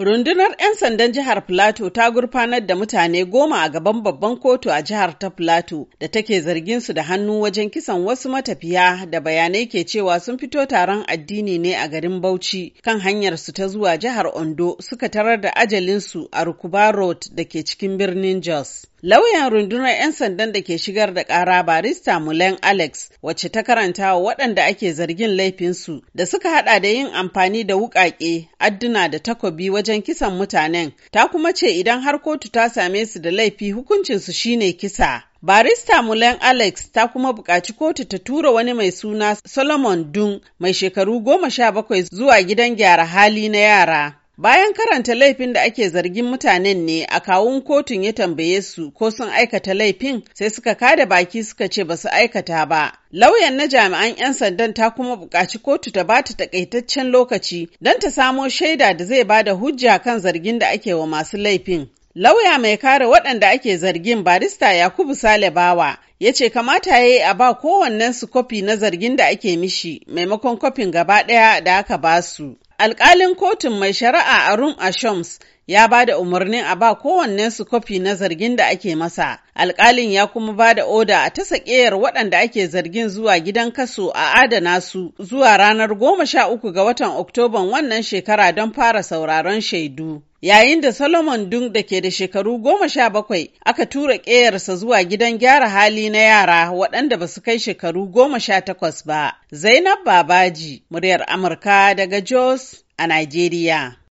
Rundunar 'yan sandan jihar Filato ta gurfanar da mutane goma a gaban babban kotu a jihar ta Filato da take zargin su da hannu wajen kisan wasu matafiya da bayanai ke cewa sun fito taron addini ne a garin Bauchi kan hanyar su ta zuwa jihar Ondo suka tarar da ajalinsu a Rukuba Road da ke cikin birnin Jos. Lauyan rundunar 'yan sandan da ke shigar da ƙara barista Mulen Alex wacce ta karanta wa waɗanda ake zargin laifinsu da suka hada da yin amfani da wuƙaƙe, adduna da takobi wajen kisan mutanen, ta kuma ce idan har kotu ta same su da laifi hukuncinsu shine kisa. Barista Mulen Alex ta kuma buƙaci kotu ta tura wani mai suna Solomon Dung mai shekaru goma sha bakwai zuwa gidan gyara hali na yara Bayan karanta laifin da ake zargin mutanen ne a kawun kotun ya tambaye su ko sun aikata laifin sai suka kada baki suka ce ba su aikata ba. Lauyan na jami'an 'yan sandan ta kuma buƙaci kotu ta bata takaitaccen lokaci don ta samo shaida da zai bada hujja kan zargin da ake wa masu laifin. Lauya mai kare waɗanda ake zargin barista Yakubu Sale Bawa ya ce kamata ya yi a ba kowannensu kofi na zargin da ake mishi maimakon kofin gaba ɗaya da aka basu. Alƙalin kotun mai shari'a a a Shams. ya ba da umarnin a ba kowannensu kwafi na zargin da ake masa. Alƙalin ya kuma ba da oda a ta sakeyar waɗanda ake zargin zuwa gidan kaso a adana su zuwa ranar goma sha uku ga watan Oktoban wannan shekara don fara sauraron shaidu. Yayin da Solomon Dung da ke da shekaru goma sha bakwai aka tura ƙeyarsa zuwa gidan gyara hali na yara waɗanda ba su kai shekaru goma sha takwas ba. Zainab Babaji, muryar Amurka daga Jos a Najeriya.